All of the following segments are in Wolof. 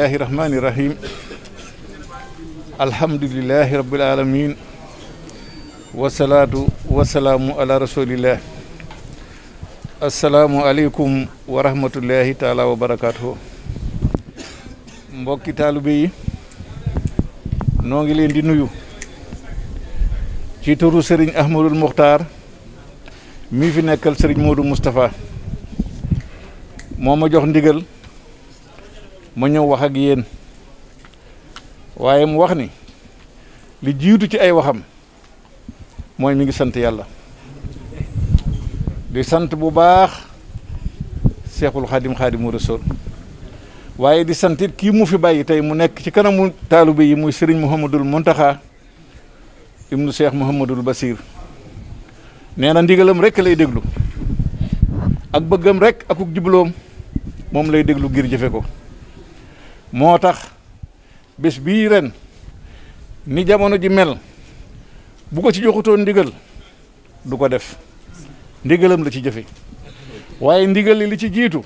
الله الرحمن الرحيم الحمد لله رب العالمين والصلاة والسلام على رسول mbokki taalibe yi noo ngi leen di nuyu ci turu ahmadul muxtaar mii fi nekkal sëriñ moodu mustafa moo ma jox ndigal ma ñëw wax ak yéen waaye mu wax ni li jiitu ci ay waxam mooy mu ngi sant yàlla di sant bu baax seexul xaadim xaadimu rasul waaye di sant kii mu fi bàyyi tey mu nekk ci kanamu taalibe yi muy sëriñ Mouhamadul Muntaxa ibnu seex Mouhamadul Basir nee na ndigalam rek lay déglu ak bëggam rek akuk jubloom moom lay déglu ngir jëfe ko moo tax bés bii ren ni jamono ji mel bu ko ci joxutoon ndigal du ko def ndigalam la ci jëfe waaye ndigal li li ci jiitu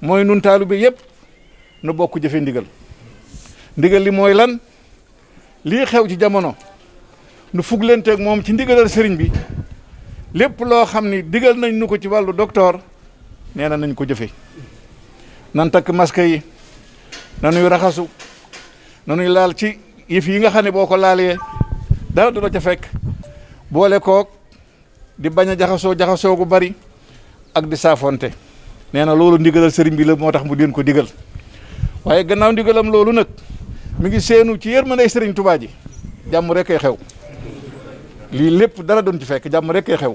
mooy nun taalibe yëpp nu bokk jëfe ndigal ndigal li mooy lan lii xew ci jamono nu fuglenteeg moom ci ndigalal sëriñ bi lépp loo xam ni digal nañ nu ko ci wàllu docteur nee nañ ko jëfe nan takk masque yi nanuy raxasu nanuy laal ci yëf yi nga xam ne boo ko laalee dara du ca fekk boole kook di bañ a jaxasoo jaxasoo gu bari ak di saafonte nee na loolu ndigalal sëriñ bila moo tax mu deen ko digal waaye gannaaw ndigalam loolu nag mi ngi seenu ci yërmande sëriñ Tuubaa ji jàmm rek ay xew lii lépp dara doon ci fekk jàmm rek ay xew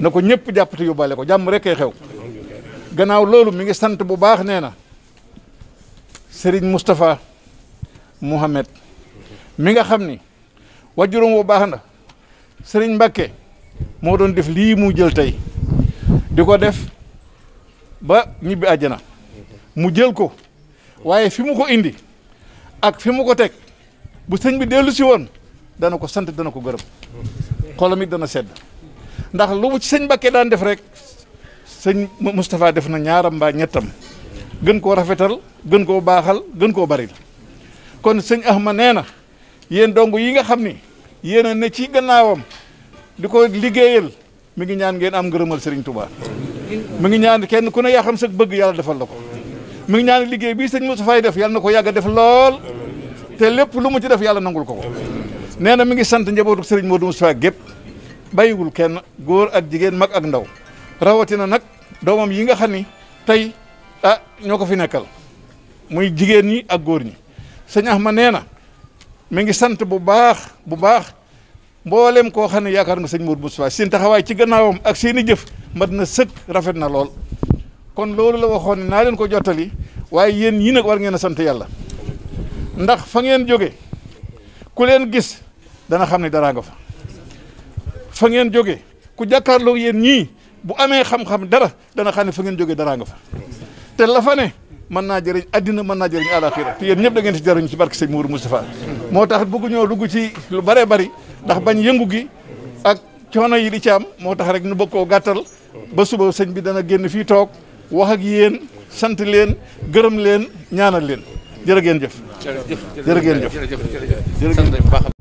na ko ñëpp jàpp te yóbbaale ko jàmm rek ay xew gannaaw loolu mi ngi sant bu baax nee na Serigne Moustapha Mouhamed mi nga xam ni wajuróom bu baax na Serigne Mbakke moo doon def lii mu jël tey di ko def ba ñibbi àjjana mu jël ko waaye fi mu ko indi ak fi mu ko teg bu sëñ bi dellu si woon dana ko sant dana ko gërëm xolam it dana sedd ndax lu ci sëñ Mbakke daan def rek sëñ Moustapha def na ñaaram mbaa ñettam. gën koo rafetal gën koo baaxal gën koo baril kon sëñ ma nee na yéen dong yi nga xam ni yéen na ne ci gannaawam di ko liggéeyal mu ngi ñaan ngeen am ngërëmal Serigne Touba mu ngi ñaan kenn ku ne yaa xam sa bëgg yàlla defal la ko mi ngi ñaan liggéey bii sëñ Moussa Faye def yàlla na ko yàgg a def lool te lépp lu mu ci def yàlla nangul ko ko nee na mi ngi sant njabootu sëriñ Serigne Modou Moussa gépp bàyyiwul kenn góor ak jigéen mag ak ndaw rawatina nag doomam yi nga ah ñoo ko fi nekkal muy jigéen ñi ak góor ñi sëñ Axma nee na mi ngi sant bu baax bu baax mboolem koo xam ne yaakaar nga sëñ Modou Moustapha seen taxawaay ci gannaawam ak seen jëf mat na sëkk rafet na lool kon loolu la waxoon ne naa leen ko jottali waaye yéen yi nag war ngeen a sant yàlla ndax fa ngeen jóge ku leen gis dana xam ne daraa nga ngeen jóge ku jàkkaarloo yéen ñii bu amee xam-xam dara dana xam ne fa ngeen jóge daraa nga fa te la fa mën naa jëriñ addina mën naa jëriñ àlaxira te yéen ñëpp da ngeen ci jëriñ ci barke sëñ Mourou moo tax bëgg ñoo dugg ci lu bëree bëri ndax bañ yëngu gi ak coono yi di ci am moo tax rek nu bëgg koo gàttal ba suba sëñ bi dana génn fii toog wax ak yéen sant leen gërëm leen ñaanal leen jërë ngeen jëf jërë ngeen jëf